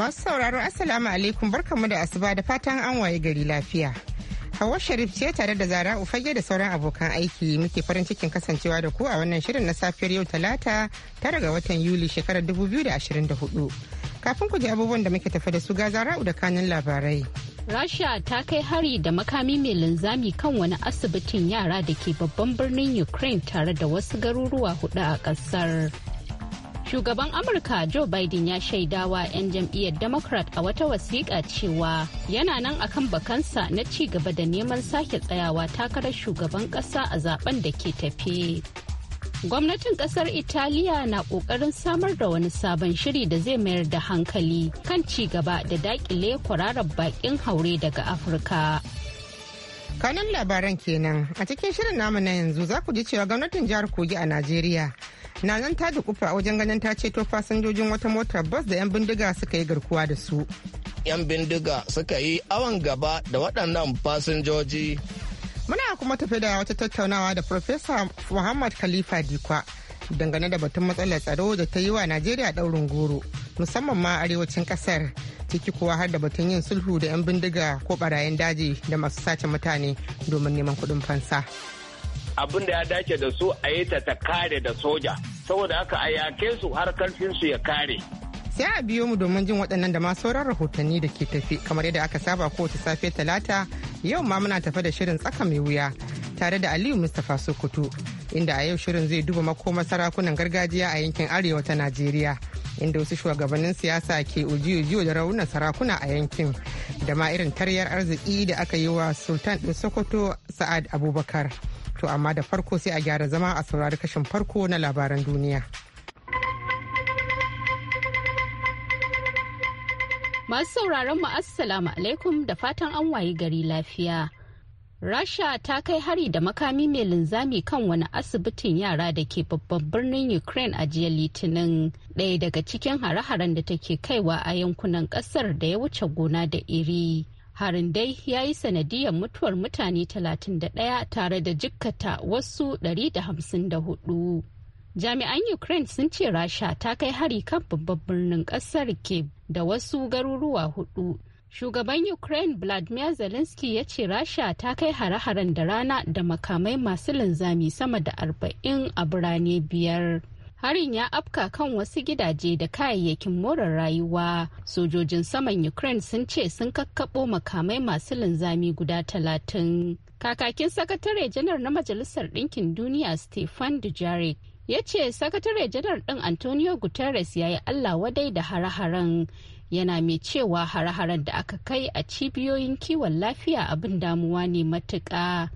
Masu sauraro Assalamu alaikum barkanmu da asuba da fatan an waye gari lafiya. Hawa Sharif ce tare da Zara Ufage da sauran abokan aiki muke farin cikin kasancewa da ku a wannan shirin na safiyar yau Talata tare ga watan Yuli shekarar 2024. Kafin ku ji abubuwan da muke tafi da su ga Zara'u da kanin labarai. Rasha ta kai hari da makami mai linzami kan wani asibitin yara da ke babban birnin Ukraine tare da wasu garuruwa hudu a ƙasar. shugaban amurka joe biden ya shaidawa 'yan jam'iyyar democrat a wata wasiƙa cewa yana nan akan bakansa na ci gaba da neman sake tsayawa takarar shugaban ƙasa a zaben da ke tafe gwamnatin ƙasar italiya na ƙoƙarin samar da wani sabon shiri da zai mayar da hankali kan ci gaba da dakile kwararar baƙin haure daga afirka kanan labaran kenan a cikin shirin namu na yanzu za ku ji cewa gwamnatin jihar kogi a najeriya na nan ta kufa wajen ganin ta ceto fasinjojin wata mota bas da 'yan bindiga suka yi garkuwa da su. 'yan bindiga suka yi awon gaba da waɗannan fasinjoji. Muna kuma tafi da wata tattaunawa da Profesa Muhammad Khalifa Dikwa dangane da batun matsalar tsaro da ta yi wa Najeriya daurin goro musamman ma arewacin kasar ciki kuwa har da batun yin sulhu da 'yan bindiga ko barayin daji da masu sace mutane domin neman kuɗin fansa. Abin da ya dace da su a yi ta ta kare da soja. saboda haka a yake su har karfinsu ya kare sai a biyo mu domin jin waɗannan da ma sauran rahotanni da ke tafi kamar yadda aka saba kowace safe talata yau ma muna tafe da shirin tsaka mai wuya tare da aliyu mustapha sokoto inda a yau shirin zai duba makomar sarakunan gargajiya a yankin arewa ta najeriya inda wasu shugabannin siyasa ke ujiyo da raunin sarakuna a yankin da ma irin taryar arziki da aka yi wa sultan ɗin sokoto sa'ad abubakar To amma da farko sai a gyara zama a saurari kashin farko na labaran duniya. Masu sauraron mu assalamu alaikum da fatan an wayi gari lafiya. Rasha ta kai hari da makami mai linzami kan wani asibitin yara da ke babban birnin Ukraine a jiya Litinin ɗaya daga cikin hare-haren da take kaiwa a yankunan ƙasar da ya wuce gona da iri. harin dai ya yi sanadiyar mutuwar mutane 31 tare da jikkata wasu 154 jami'an ukraine sun ce rasha ta kai hari kan babban birnin kasar kiev da wasu garuruwa hudu shugaban ukraine vladimir zelensky ya ce rasha ta kai hare-haren da rana da makamai masu linzami sama da 40 a birane biyar harin ya afka kan wasu gidaje da kayayyakin more rayuwa sojojin saman ukraine sun ce sun kakkaɓo makamai masu linzami guda talatin kakakin sakatare janar na majalisar ɗinkin duniya stefan dujarric ya ce sakatare janar ɗin antonio guterres ya yi allah wadai da hare yana mai cewa hare da aka kai a cibiyoyin kiwon lafiya abin damuwa ne matuƙa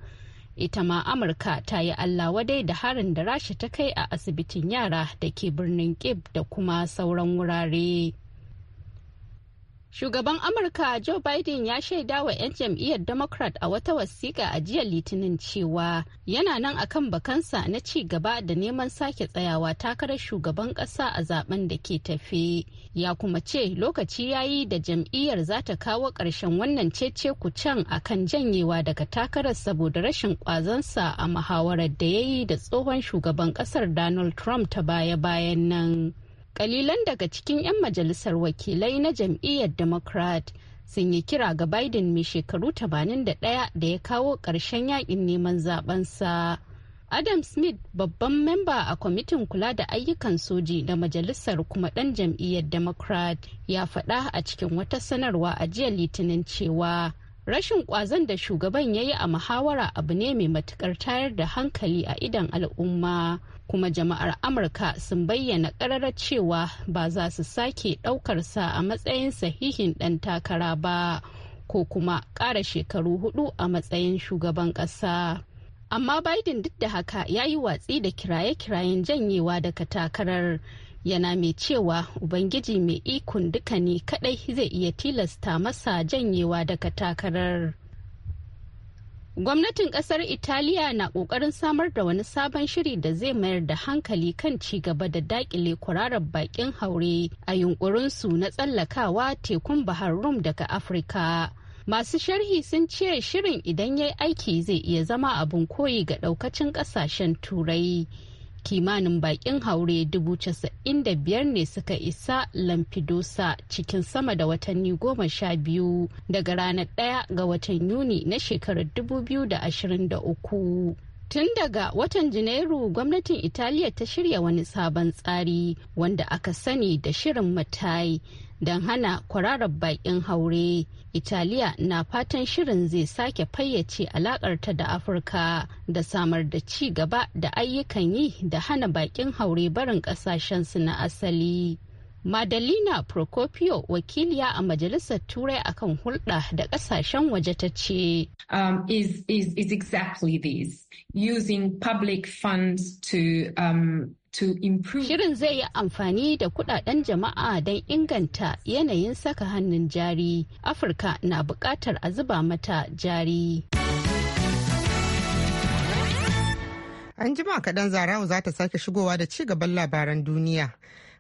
ita ma amurka ta yi allah wadai da harin da rasha ta kai a asibitin yara da ke birnin kib da kuma sauran wurare Shugaban Amurka Joe Biden ya shaida wa 'yan jam'iyyar Democrat a wata wasiƙa a jiya Litinin cewa yana nan akan bakansa na ci gaba da neman sake tsayawa takarar shugaban ƙasa a zaben da ke tafe. Ya kuma ce lokaci ya yi da jam'iyyar za ta kawo ƙarshen wannan cece can a kan janyewa daga takarar saboda rashin ƙwazonsa a muhawarar da ya yi da tsohon shugaban ƙasar Donald Trump ta baya-bayan nan. kalilan daga cikin 'yan majalisar wakilai na jam'iyyar democrat sun yi kira ga biden mai shekaru 81 da ya kawo ƙarshen yakin neman zabensa adam smith babban memba a kwamitin kula da ayyukan soji da majalisar kuma ɗan jam'iyyar democrat ya faɗa a cikin wata sanarwa a jiya litinin cewa rashin kwazon da shugaban ya yi a muhawara abu ne mai matukar tayar da hankali a idan al'umma kuma jama'ar amurka sun bayyana karara cewa ba za su sake ɗaukarsa a matsayin sahihin ɗan takara ba ko kuma ƙara shekaru hudu a matsayin shugaban ƙasa amma biden duk da haka ya yi watsi da kiraye-kirayen janyewa daga takarar yana mai cewa ubangiji mai ikon duka ne kadai zai iya tilasta masa janyewa daga takarar gwamnatin kasar italiya na kokarin samar da wani sabon shiri da zai mayar da hankali kan ci gaba da dakile kwararar bakin haure a yunkurinsu na tsallakawa tekun bahar rum daga afirka masu sharhi sun ce shirin idan ya aiki zai iya zama abin koyi ga daukacin kasashen turai kimanin bakin haure dubu casa'in da biyar ne suka isa lamfidusa cikin sama da watanni goma sha biyu daga ranar ɗaya ga watan yuni na shekarar dubu biyu da da ashirin uku Tun daga watan Janairu gwamnatin Italiya ta shirya wani sabon tsari wanda aka sani da shirin matai don hana kwararar bakin haure italiya na fatan shirin zai sake fayyace alakarta da afirka da samar da ci gaba da ayyukan yi da hana bakin haure barin kasashensu na asali madalina procopio wakiliya a majalisar turai akan hulɗa da ƙasashen waje ta ce um, is, is, is exactly this using public funds to um, to improve. Shirin zai yi amfani da kudaden jama'a don inganta yanayin saka hannun jari. Afirka na bukatar a zuba mata jari. An jima kaɗan zarawa za ta sake shigowa da ci gaban labaran duniya.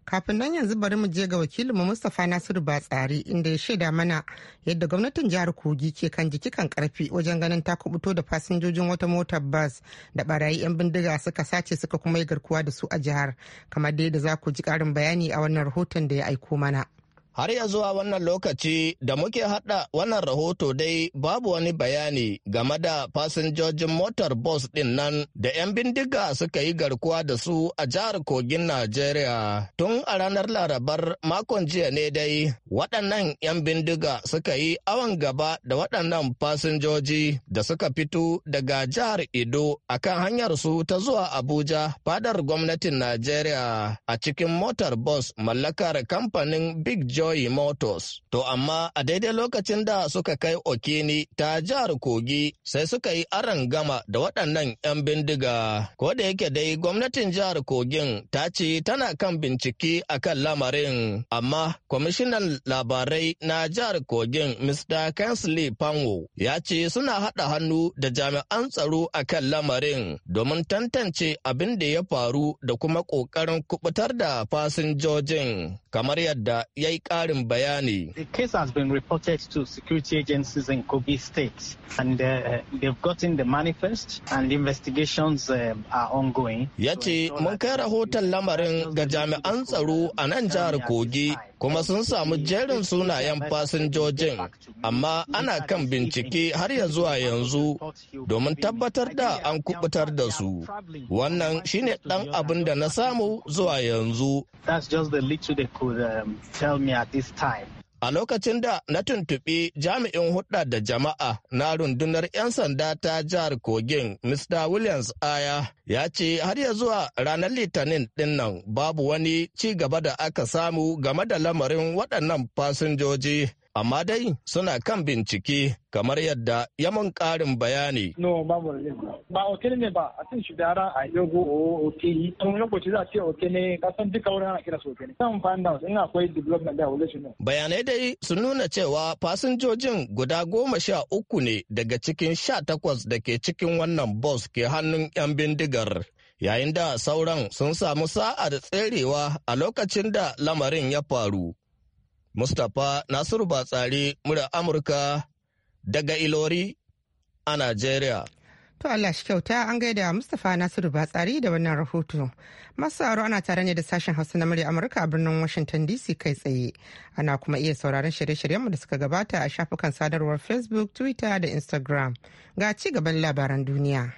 kafin nan yanzu bari mu je ga wakilinmu mustapha nasiru batsari inda ya shaida mana yadda gwamnatin jihar kogi ke kan jiki kan karfi wajen ganin ta kubuto da fasinjojin wata motar bas da barayi yan bindiga suka sace suka kuma yi garkuwa da su a jihar kamar da za ku ji karin bayani a wannan rahoton da ya aiko mana Har ya zuwa wannan lokaci da muke haɗa wannan rahoto dai babu wani bayani game da fasinjojin motar bus ɗin nan da 'yan bindiga suka yi garkuwa da su a jihar Kogin Najeriya. Tun a ranar Larabar makon jiya ne dai waɗannan 'yan bindiga suka yi awon gaba da waɗannan fasinjoji da suka fito daga jihar Ido a kan hanyar su ta zuwa Abuja fadar gwamnatin Najeriya a cikin motar bus mallakar kamfanin Big Joe Joy Motors. To amma a daidai lokacin da suka kai Okini ta jihar Kogi sai suka yi aron gama da waɗannan 'yan bindiga. Ko da yake dai gwamnatin jihar Kogin ta ce tana kan bincike a kan lamarin. Amma kwamishinan labarai na jihar Kogin Mr. Kensley Panwo ya ce suna haɗa hannu da jami'an tsaro a kan lamarin domin tantance abin da ya faru da kuma ƙoƙarin kubutar da fasinjojin. kamar yadda ya yi ƙarin bayani. The case has been reported to security agencies in Kogi state and uh, they've gotten the manifest and the investigations uh, are ongoing. Ya ce mun kai rahoton lamarin ga jami'an tsaro a nan jihar Kogi kuma sun samu jerin sunayen fasinjojin amma ana kan bincike har ya zuwa yanzu domin tabbatar da an kubutar da su wannan shine dan abin da na samu zuwa yanzu A lokacin da na tuntuɓi jami'in hudda da jama'a na rundunar 'yan sanda ta jihar Kogin, Mr. Williams Aya, ya ce har ya zuwa ranar Litinin dinnan babu wani ci gaba da aka samu game da lamarin waɗannan fasinjoji. amma dai suna kan bincike kamar yadda yaman karin bayani. No, babu ba otel ne ba a cin shi dara a yogo otel tun lokaci za a ce otel ne kasan duka wurin ana kira su otel ne kan find out in akwai development da wule ne. bayanai dai sun nuna cewa fasinjojin guda goma sha uku ne daga cikin sha takwas da ke cikin wannan bus ke hannun yan bindigar yayin da sauran sun samu sa'ar tserewa a lokacin da lamarin ya faru Mustapha Nasiru Batsari murya Amurka daga Ilori a Najeriya. To Allah shi kyauta an gaida Mustapha Nasiru Batsari da wannan rahoto. Masu aro ana tare ne da sashen Hausa na murya Amurka a birnin Washington DC kai tsaye. Ana kuma iya sauraron shirye-shiryenmu da suka gabata a shafukan sadarwar Facebook, Twitter da Instagram. Ga ci gaban labaran duniya.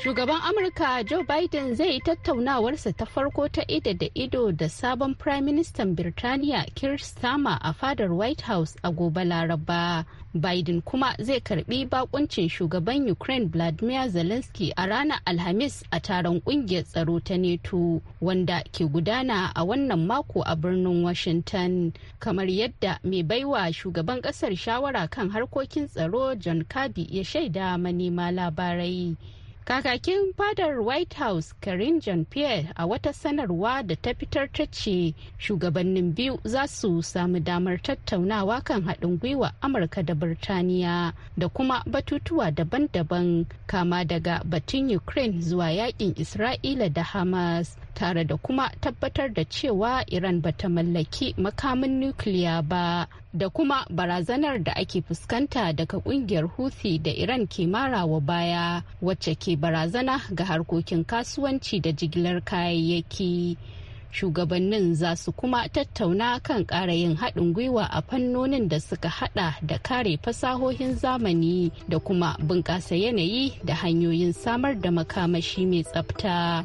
Shugaban Amurka Joe Biden zai yi tattaunawarsa ta farko ta ido da ido da sabon Prime Minister Birtaniya Keir Starmer a fadar White House a gobe Laraba. Biden kuma zai karbi bakuncin shugaban Ukraine Vladimir Zelensky a ranar Alhamis a taron kungiyar tsaro ta NATO wanda ke gudana a wannan mako a birnin Washington. Kamar yadda mai baiwa shugaban kasar shawara kan harkokin tsaro John Kirby ya shaida manema labarai. Kakakin fadar White House Karin Jean-Pierre a wata sanarwa da ta fitar ta ce shugabannin biyu za su samu damar tattaunawa kan haɗin gwiwa Amurka da Birtaniya da kuma batutuwa daban-daban kama daga batun Ukraine zuwa yakin Isra'ila da Hamas tare da kuma tabbatar da cewa iran ba ta mallaki makamin nukiliya ba da kuma barazanar da ake fuskanta daga kungiyar houthi da iran ke mara wa baya wacce ke barazana ga harkokin kasuwanci da jigilar kayayyaki shugabannin za su kuma tattauna kan ƙara yin haɗin gwiwa a fannonin da suka haɗa da kare fasahohin zamani da kuma bunƙasa yanayi da hanyoyin samar da makamashi mai tsafta.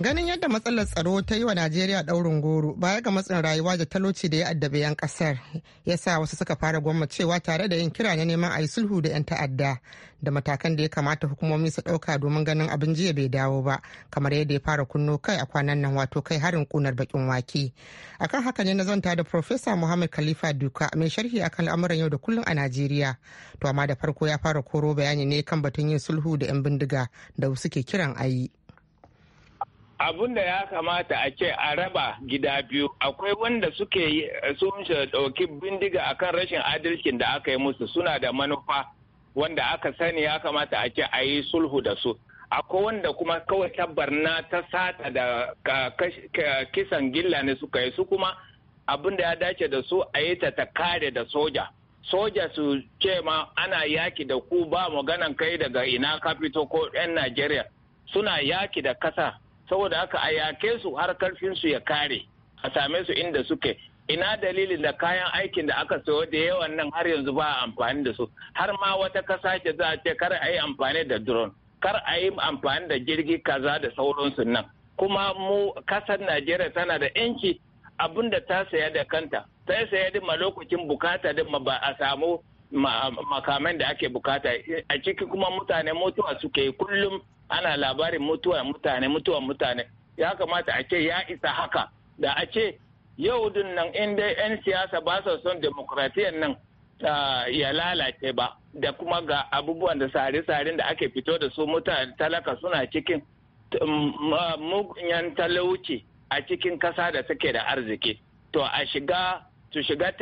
Ganin yadda matsalar tsaro ta yi wa Najeriya ɗaurin goro baya ga matsin rayuwa da taloci da ya addabe 'yan kasar ya sa wasu suka fara gwamnacewa tare da yin kira na neman a yi sulhu da 'yan ta'adda da matakan da ya kamata hukumomi su ɗauka domin ganin abin jiya bai dawo ba kamar yadda ya fara kunno kai a kwanan nan wato kai harin kunar bakin wake. Akan haka ne na zanta da Profesa Muhammad Khalifa Duka mai sharhi akan al'amuran yau da kullum a Najeriya. To amma da farko ya fara koro bayani ne kan batun yin sulhu da 'yan bindiga da suke kiran ayi. abun da ya kamata a ce a raba gida biyu akwai wanda suke sun ɗauki bindiga akan rashin adalcin da aka yi musu suna da manufa wanda aka sani ya kamata a ce a yi sulhu da su akwai wanda kuma kawai tabbar na ta sata da kisan gilla ne suka yi su kuma abin da ya dace da su a yi ta ta kare da soja soja su ce ma ana yaki da ku ba maganan kai daga ina ka fito ko 'yan najeriya suna yaki da kasa saboda haka a yake su har karfin su ya kare a same su inda suke ina dalilin da kayan aikin da aka sayo da yawan nan har yanzu ba amfani da su har ma wata kasa ce za a ce kar a yi amfani da drone kar a yi amfani da jirgi kaza da sauransu nan kuma mu kasar najeriya tana da yanci abin da ta saya da kanta sai saya din ma lokacin bukata din ma ba a samu makaman da ake bukata a ciki kuma mutane mutuwa suke kullum ana labarin mutuwa mutane mutuwa mutane ya kamata a ce ya isa haka da a ce yau din nan in dai 'yan siyasa ba su son demokratiyan nan ya lalace ba da kuma ga abubuwan da sare-saren da ake fito da su mutane talaka suna cikin um, mugunyan talauci a cikin kasa da suke da arziki to a shiga su shiga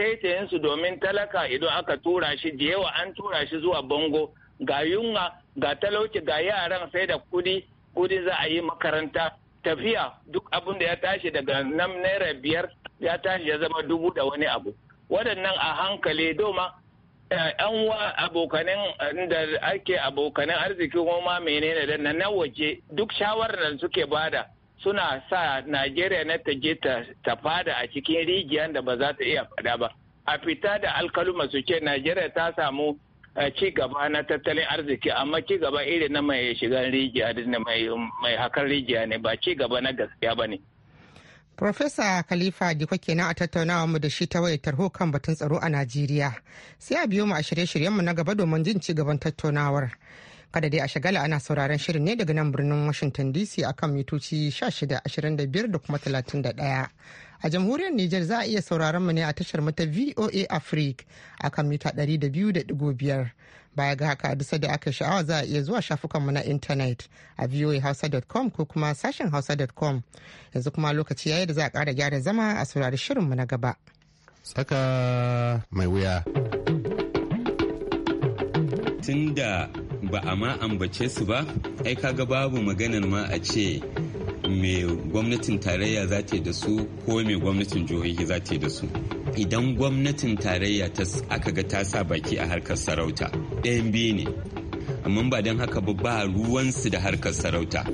su domin talaka idan aka tura shi da yawa an tura shi zuwa bango ga yunwa ga talauci ga yaran sai da kudi kudi za a yi makaranta tafiya duk abin da ya tashi daga nan naira biyar ya tashi ya zama dubu da wani abu waɗannan a hankali doma yan eh, wa abokanin eh, da ake abokanin arziki kuma menene da na waje duk shawarar da suke bada suna sa najeriya na ta je ta fada a cikin rijiyar da ba za ta iya fada ba a fita da alkaluma su ce najeriya ta samu ci gaba na tattalin arziki amma ci gaba irin na mai shigan rijiya da mai hakan rijiya ne ba ci gaba na gaskiya ba ne. Profesa Khalifa Diko kenan a tattaunawa mu da shi ta wayar tarho kan batun tsaro a Najeriya. Sai a biyo mu a shirye-shiryenmu na gaba domin jin ci gaban tattaunawar. Kada dai a shagala ana sauraron shirin ne daga nan birnin Washington DC akan mitoci 1625 da kuma 31. A jamhuriyar Nijar za a iya sauraron mu ne a tashar mata VOA Africa a kan mita 200.5. Baya ga haka dusa da aka sha'awa za a iya zuwa shafukanmu na intanet a voahausa.com ko kuma sashen hausa.com. Yanzu kuma lokaci yayi da za a ƙara gyara zama a saurari shirinmu na gaba. Saka mai wuya. Tunda ba a ma ambace su ba, ai kaga babu maganar ma a ce me gwamnatin tarayya za ta yi da su ko me gwamnatin jihohi za ta yi da su idan gwamnatin tarayya ta aka ga ta sa baki a harkar sarauta ɗayan biyu ne amma ba don haka ba ba ruwansu da harkar sarauta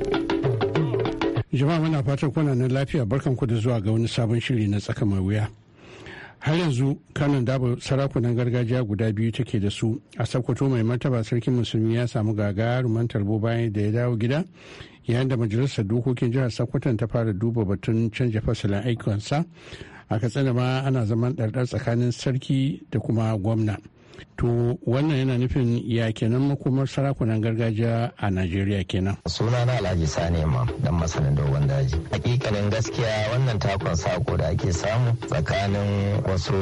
jama'a muna fatan kuna nan lafiya barkan ku da zuwa ga wani sabon shiri na tsaka mai wuya har yanzu kanan dabo sarakunan gargajiya guda biyu take da su a sokoto mai martaba sarkin musulmi ya samu gagarumar tarbo bayan da ya dawo gida yayin da majalisar dokokin jihar sokoton ta fara duba batun canja fasalin aikinsa a katsina ma ana zaman ɗarɗar tsakanin sarki da kuma gwamna to wannan yana nufin ya kenan makomar sarakunan gargajiya a najeriya kenan suna na alhaji sani ma dan masanin dogon daji hakikanin gaskiya wannan takon sako da ake samu tsakanin wasu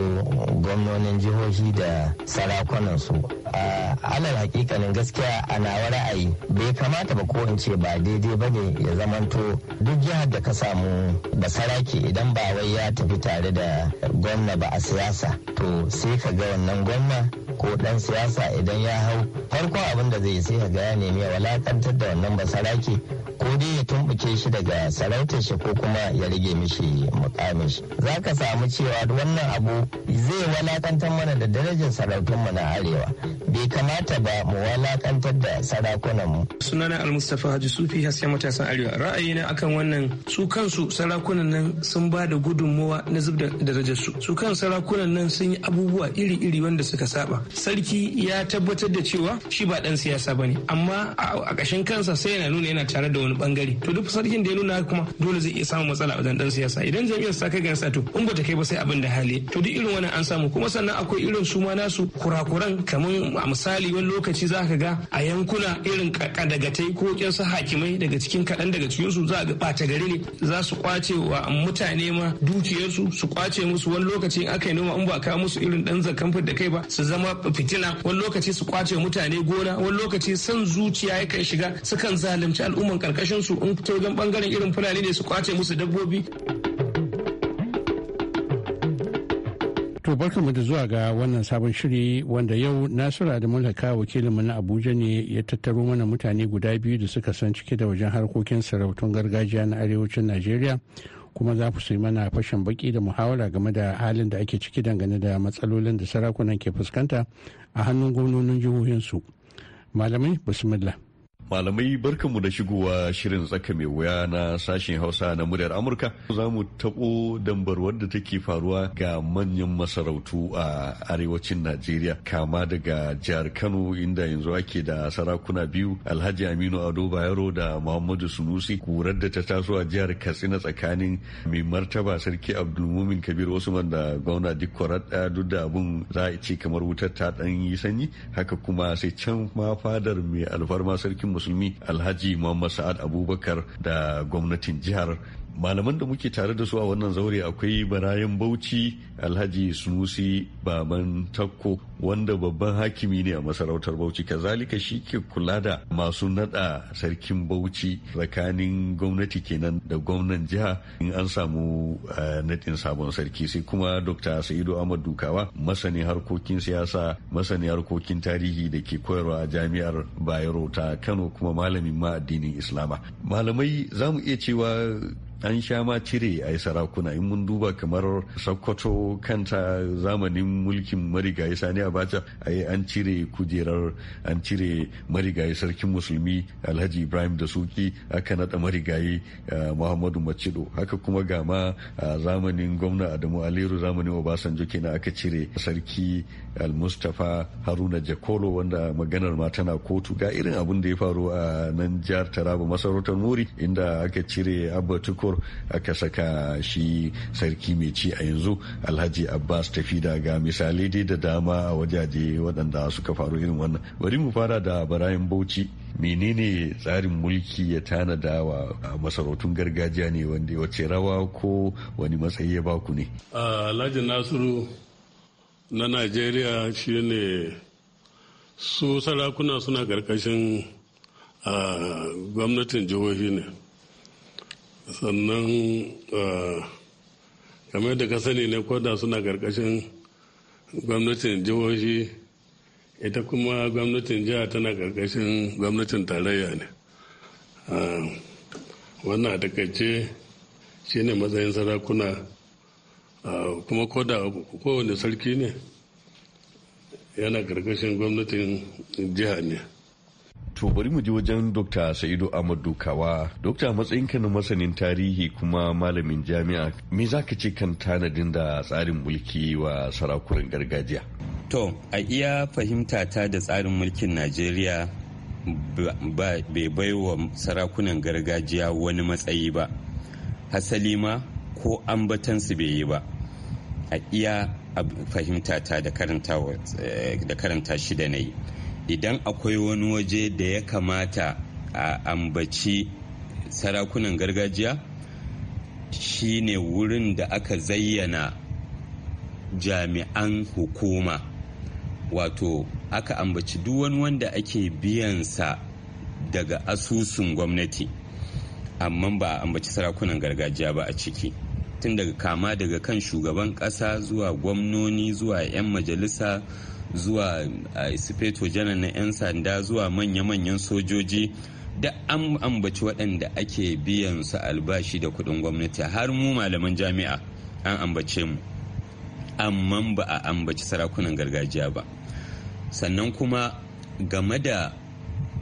gwamnonin jihohi da sarakunan su a alal hakikanin gaskiya a nawa ra'ayi bai kamata ba ko in ce ba daidai ba ne ya zamanto duk jihar da ka samu ba saraki idan ba wai ya tafi tare da gwamna ba a siyasa to sai ka ga wannan gwamna ko dan siyasa idan ya hau farko abin da zai sai ga ya nemi walakantar da wannan basaraki ko dai ya tumbuke shi daga sarautar shi ko kuma ya rage mishi mukamin shi za ka samu cewa wannan abu zai walakantar mana da darajar sarautun mu na arewa bai kamata ba mu walakantar da sarakunanmu. sunana almustafa haji sufi hasken matasan arewa ra'ayi ra'ayina akan wannan su kansu sarakunan nan sun ba da gudunmawa na zub da darajarsu su kan sarakunan nan sun yi abubuwa iri-iri wanda suka saba sarki ya tabbatar da cewa shi ba dan siyasa bane amma a ƙashin kansa sai yana nuna yana tare da wani bangare to duk sarkin da ya nuna kuma dole zai iya samun matsala wajen dan siyasa idan jami'ar sa kai gansa to in bata kai ba sai abin da hali to duk irin wannan an samu kuma sannan akwai irin su ma nasu kurakuran kamar a misali wani lokaci za ka ga a yankuna irin kadagatai ko su hakimai daga cikin kaɗan daga cikinsu za a ga ɓata gari ne za su kwace wa mutane ma dukiyarsu su kwace musu wani lokaci in aka yi noma in ba ka musu irin ɗan zakan da kai ba su zama fitina wani lokaci su kwace mutane gona wani lokaci son zuciya yakan shiga sukan zalunci al'umman karkashin su in ta bangaren irin fulani ne su kwace musu dabbobi. To barkanmu da zuwa ga wannan sabon shiri wanda yau Nasiru da Mulaka wakilinmu na Abuja ne ya tattaro mana mutane guda biyu da suka san cike da wajen harkokin sarautun gargajiya na arewacin Najeriya kuma za ku yi mana fashin baki da muhawara game da halin da ake ciki dangane da matsalolin da sarakunan ke fuskanta a hannun gwamnonin jihohinsu. Malamai bismillah. Malamai barkanmu da shigowa shirin tsaka mai wuya na sashen Hausa na muryar Amurka. Za mu taɓo dambarwar da take faruwa ga manyan masarautu a arewacin Najeriya kama daga jihar Kano inda yanzu ake da sarakuna biyu Alhaji Aminu Ado Bayero da Muhammadu Sunusi kurar da ta taso a jihar Katsina tsakanin mai martaba Sarki Abdulmumin Kabir Usman da gwamna Dikkorat duk da abun za a ce kamar wutar ta ɗan yi sanyi haka kuma sai can ma fadar mai alfarma Sarkin musulmi alhaji muhammad sa'ad abubakar da gwamnatin jihar malaman da muke tare da su a wannan zaure akwai barayan bauchi alhaji sunusi baban takko wanda babban hakimi ne a masarautar bauchi kazalika shi ke kula da masu nada sarkin bauchi tsakanin gwamnati kenan da gwamnan jiha in an samu eh, nadin sabon sarki sai kuma dr sa'idu ahmad dukawa masani harkokin siyasa masani harkokin tarihi da ke koyarwa a jami'ar bayero ta kano kuma malamin ma addinin islama malamai za mu iya cewa an sha ma cire a yi sarakuna in mun duba kamar sokoto kanta zamanin mulkin marigayi sani abacha a yi an cire kujerar an cire marigayi sarkin musulmi alhaji ibrahim da suki aka naɗa marigayi eh, muhammadu macido haka kuma gama a eh, zamanin gwamna adamu aliru zamanin obasanjo kenan aka cire sarki eh, almustapha haruna jakolo wanda maganar ma tana kotu ga irin abin da ya faru a nan jihar taraba masarautar muri inda aka cire abba tukur Lahore aka saka shi sarki mai ci a yanzu Alhaji Abbas tafi daga misali dai da dama a wajaje waɗanda suka faru irin wannan. Bari mu fara da Barayin Bauchi menene tsarin mulki ya tanada wa masarautun gargajiya ne wanda wace rawa ko wani matsayi ya baku ne? Alhaji Nasiru na Najeriya shine su sarakuna suna ƙarƙashin gwamnatin jihohi ne. sannan eh, kamar da ka sani ne koda suna karkashin gwamnatin jihohi ita kuma gwamnatin jiha tana karkashin gwamnatin tarayya ne eh, wannan a takaice shi ne matsayin sarakuna eh, kuma koda kowane sarki ne yana karkashin gwamnatin jiha ne To bari mu je wajen Dr. Sa'idu Ahmad Dukawa. Dokta matsayinka na masanin tarihi kuma malamin jami'a. Me za ka ce kan tanadin da tsarin mulki wa sarakunan gargajiya? To, a iya fahimta ta da tsarin mulkin Najeriya bai bai wa sarakunan gargajiya wani matsayi ba. Hasali ma ko ambatansu bai yi ba. A iya fahimta ta da karanta eh, shida na yi. idan akwai wani waje da ya kamata a ambaci sarakunan gargajiya Shi ne wurin da aka zayyana jami'an hukuma wato aka ambaci duk wani wanda ake biyansa daga asusun gwamnati amma ba a ambaci sarakunan gargajiya ba a ciki tun daga kama daga kan shugaban ƙasa zuwa gwamnoni zuwa 'yan majalisa zuwa a sifeto janar na 'yan sanda zuwa manya-manyan sojoji da an ambaci waɗanda ake biyan su albashi da kuɗin gwamnati har mu malaman jami'a an ambace mu amma ba a ambaci sarakunan gargajiya ba sannan kuma game da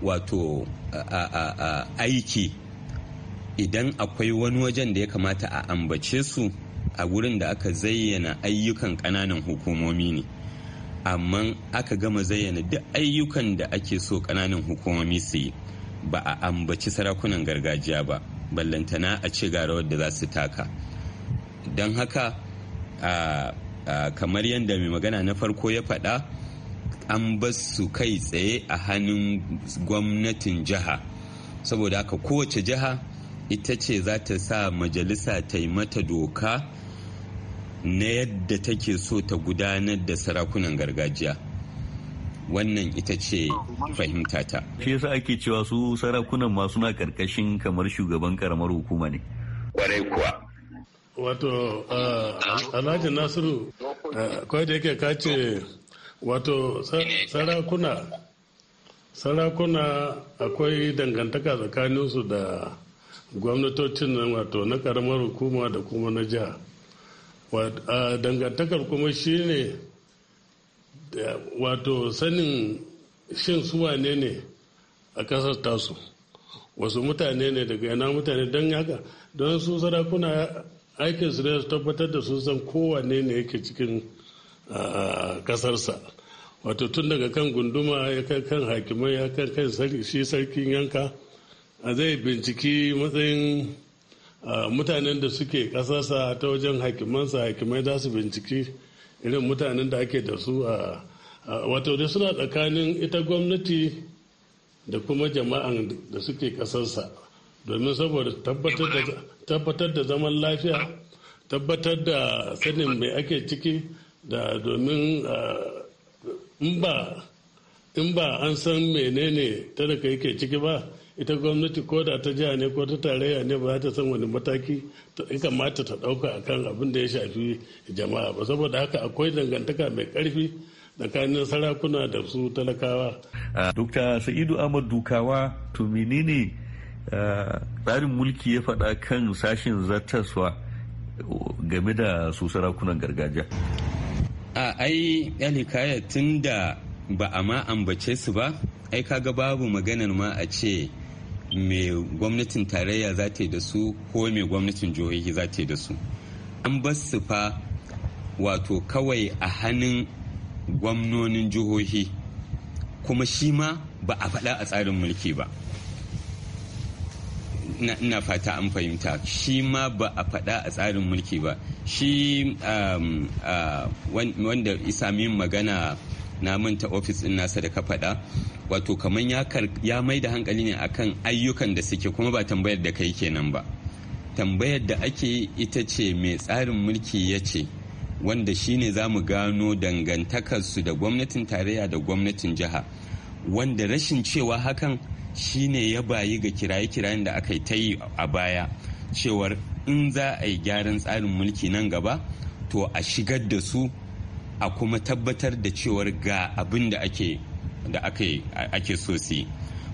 wato aiki idan akwai wani wajen da ya kamata a ambace su a wurin da aka zayyana ayyukan ƙananan hukumomi ne amma aka gama zayyana duk ayyukan da ake so ƙananan hukumomi su yi ba a ambaci sarakunan gargajiya ba ballantana a ce ga rawar da za su taka don haka kamar yadda mai magana na farko ya faɗa an bar su kai tsaye a hannun gwamnatin jiha saboda haka kowace jiha ita ce za ta sa majalisa ta yi mata doka na yadda take so ta gudanar da sarakunan gargajiya wannan ita ce fahimtata. shi yasa ake cewa su sarakunan ma suna karkashin kamar shugaban karamar hukuma ne kwarai kuwa wato alhaji nasiru kawai da yake kace wato sarakuna sarakuna akwai dangantaka tsakaninsu da gwamnatocin nan wato na karamar hukuma da kuma na jiha dangantakar kuma shi ne wato sanin shin Suwa ne ne a kasar tasu wasu mutane ne daga yana mutane don haka don su sarakuna aikin su ne su tabbatar da su san kowane ne yake cikin kasarsa wato tun daga kan gunduma ya kai kan hakimai ya kai kan shi sarkin yanka a zai binciki matsayin mutanen da suke kasarsa ta wajen hakimansa hakimai za su binciki irin mutanen da ake da su a wato da suna tsakanin ita gwamnati da kuma jama'an da suke kasarsa domin saboda tabbatar da zaman lafiya tabbatar da sanin mai ake ciki da domin in ba an san menene talaka yake ciki ba ita gwamnati ko da ta jiha ne ko ta tarayya ne ba za ta san wani mataki ta ya kamata ta dauka a kan abin da ya shafi jama'a ba saboda haka akwai dangantaka mai karfi tsakanin sarakuna da su talakawa. Dokta Sa'idu Ahmad Dukawa to menene tsarin mulki ya faɗa kan sashin zartaswa game da su sarakunan gargajiya. A ai yalikaya tun da ba a ma ambace su ba, ai kaga babu maganar ma a ce Mai gwamnatin tarayya za ta yi da su ko mai gwamnatin jihohi za ta yi da su an basu fa wato kawai a hannun gwamnonin jihohi kuma shi ma ba a faɗa a tsarin mulki ba ina fata an fahimta shi ma ba a faɗa a tsarin mulki ba shi um, uh, wanda isa min magana na manta ofis din nasa da ka faɗa wato kamar ya mai da hankali ne akan ayyukan da suke kuma ba tambayar da kai kenan ba tambayar da ake ita ce mai tsarin mulki ya ce wanda shine za mu gano dangantakarsu da gwamnatin tarayya da gwamnatin jiha wanda rashin cewa hakan shine ya bayi ga kiraye-kirayen da aka yi ta yi a baya cewar in za a yi gyaran tsarin mulki nan gaba to a shigar da su a kuma tabbatar da cewar ga abin da ake da ake so su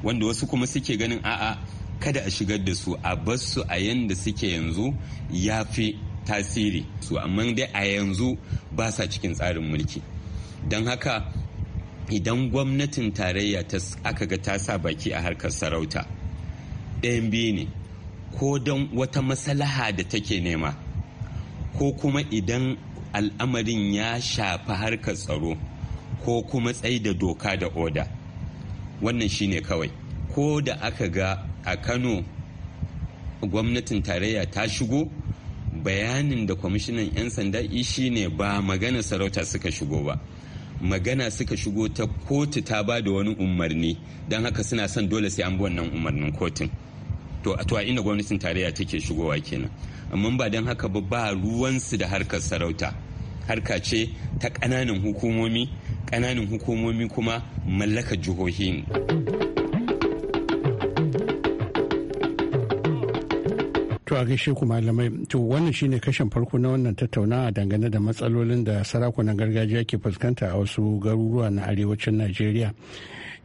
wanda wasu kuma suke ganin a'a kada a shigar da su a bar su a yanda suke yanzu ya fi tasiri su amma dai a yanzu ba sa cikin tsarin mulki don haka idan gwamnatin tarayya ta aka ga ta sa baki a harkar sarauta ɗayan biyu ne ko don wata masalaha da take nema ko kuma idan al'amarin ya shafi harkar tsaro ko kuma tsaye da doka da oda wannan shine kawai ko da aka ga a kano gwamnatin tarayya ta shigo bayanin da kwamishinan 'yan sanda shi ne ba magana sarauta suka shigo ba magana suka shigo ta kotu ta ba da wani umarni don haka suna son dole sai an bi wannan umarnin kotun to a inda gwamnatin tarayya take shigowa kenan amma ba don haka ba ba ruwansu da harkar sarauta harka ce ta ƙananan hukumomi ƙananan hukumomi kuma mallakar jihohi To a gaishe ku malamai, to wannan shine kashin farko na wannan tattaunawa dangane da matsalolin da sarakunan gargajiya ke fuskanta a wasu garuruwa na arewacin Najeriya.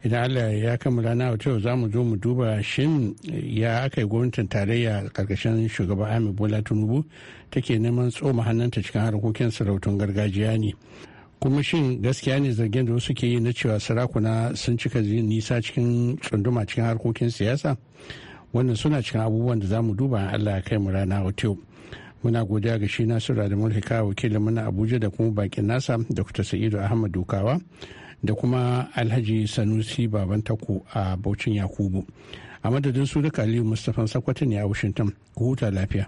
idan allah ya kammala na wata za mu zo mu duba shin ya aka yi gwamnatin tarayya karkashin shugaba ahmed bola tunubu take neman tsoma hannunta cikin harkokin sarautun gargajiya ne kuma shin gaskiya ne zargin da wasu ke yi na cewa sarakuna sun cika nisa cikin tsunduma cikin harkokin siyasa wannan suna cikin abubuwan da za mu duba allah ya kai mu rana wata muna godiya ga shi nasiru da Hikawa wakilin muna abuja da kuma bakin nasa dr sa'idu ahmad dukawa da kuma alhaji sanusi baban tako a baucin yakubu a madadin su duka aliyu mustapha sakwatin ne a washington ku huta lafiya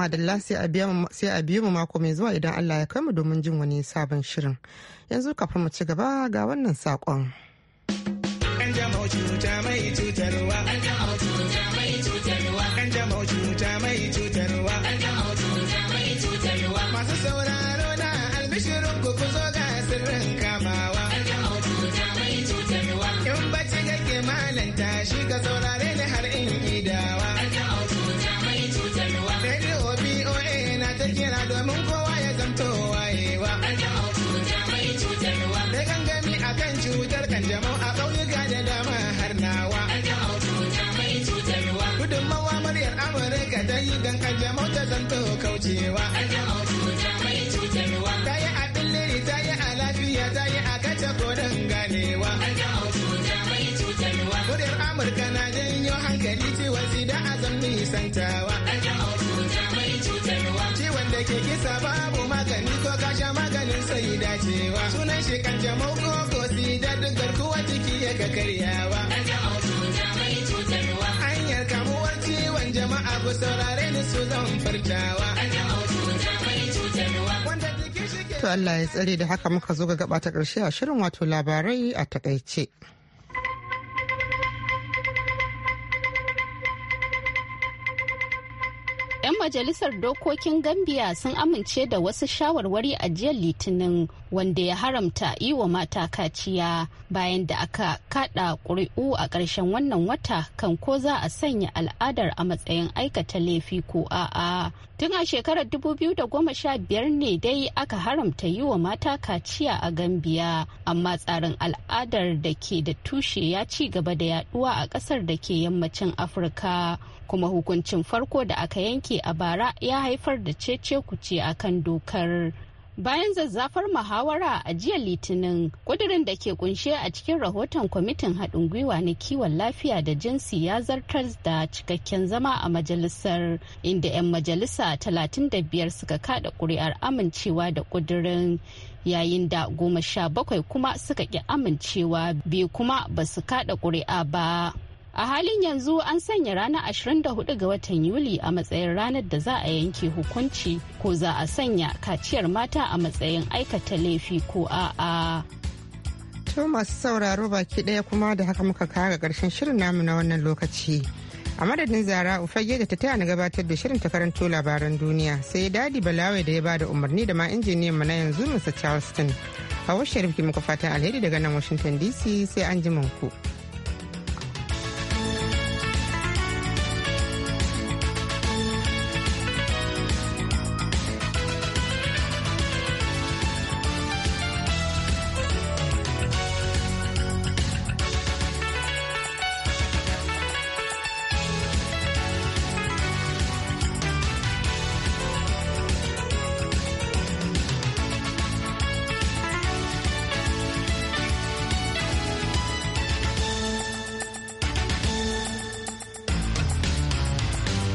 madalla sai a biyu mu mako mai zuwa idan Allah ya kai mu domin jin wani sabon shirin. Yanzu kafin mu ci gaba ga wannan sakon cuta nawa gudunmawa muryar amurka ta yi don aje mota zanto kaucewa ta yi a billiri ta yi a lafiya ta yi a kace koren ganewa muryar amurka na janyo hankali ciwon zida a zan nisantawa ke kisa babu magani ko kasha maganin sai dacewa sunan shi kan jamau ko ko da duk garkuwa jiki ya ga karyawa hanyar kamuwar ciwon jama'a ku saurare ni su zan furtawa To Allah ya tsare da haka muka zo ga gaba ta ƙarshe a shirin wato labarai a takaice. majalisar dokokin Gambia sun amince da wasu shawarwari a jiya Litinin wanda ya haramta yi wa mata kaciya bayan da aka kada ƙuri'u a ƙarshen wannan wata kan ko za a sanya al'adar a matsayin aikata laifi ko a'a. Tun a shekarar 2015 ne dai aka haramta yi wa mata kaciya a Gambia, amma tsarin al'adar da ke da tushe ya ci gaba da yaduwa a ƙasar da ke yammacin Afirka. kuma hukuncin farko da aka yanke a bara ya haifar da cece kuce a kan dokar bayan zazzafar muhawara a jiya litinin kudirin da ke kunshe a cikin rahoton kwamitin haɗin gwiwa na kiwon lafiya da jinsi ya zartar da cikakken zama a majalisar inda 'yan majalisa 35 suka kada kuri'ar amincewa da kudirin yayin da goma sha bakwai kuma suka ƙi amincewa biyu kuma ba su kada kuri'a ba a halin yanzu an sanya ranar 24 ga watan yuli a matsayin ranar da za a yanke hukunci ko za a sanya kaciyar mata a matsayin aikata laifi ko a'a. To masu sauraro baki daya kuma da haka muka kawo ga karshen shirin namu na wannan lokaci. A madadin zara ufage da ta taya na gabatar da shirin karanto labaran duniya sai dadi balawai da ya ba da umarni da ma injiniyan mu na yanzu Mr. Charleston. A sharifki muka fatan alheri daga nan Washington DC sai an ji ku.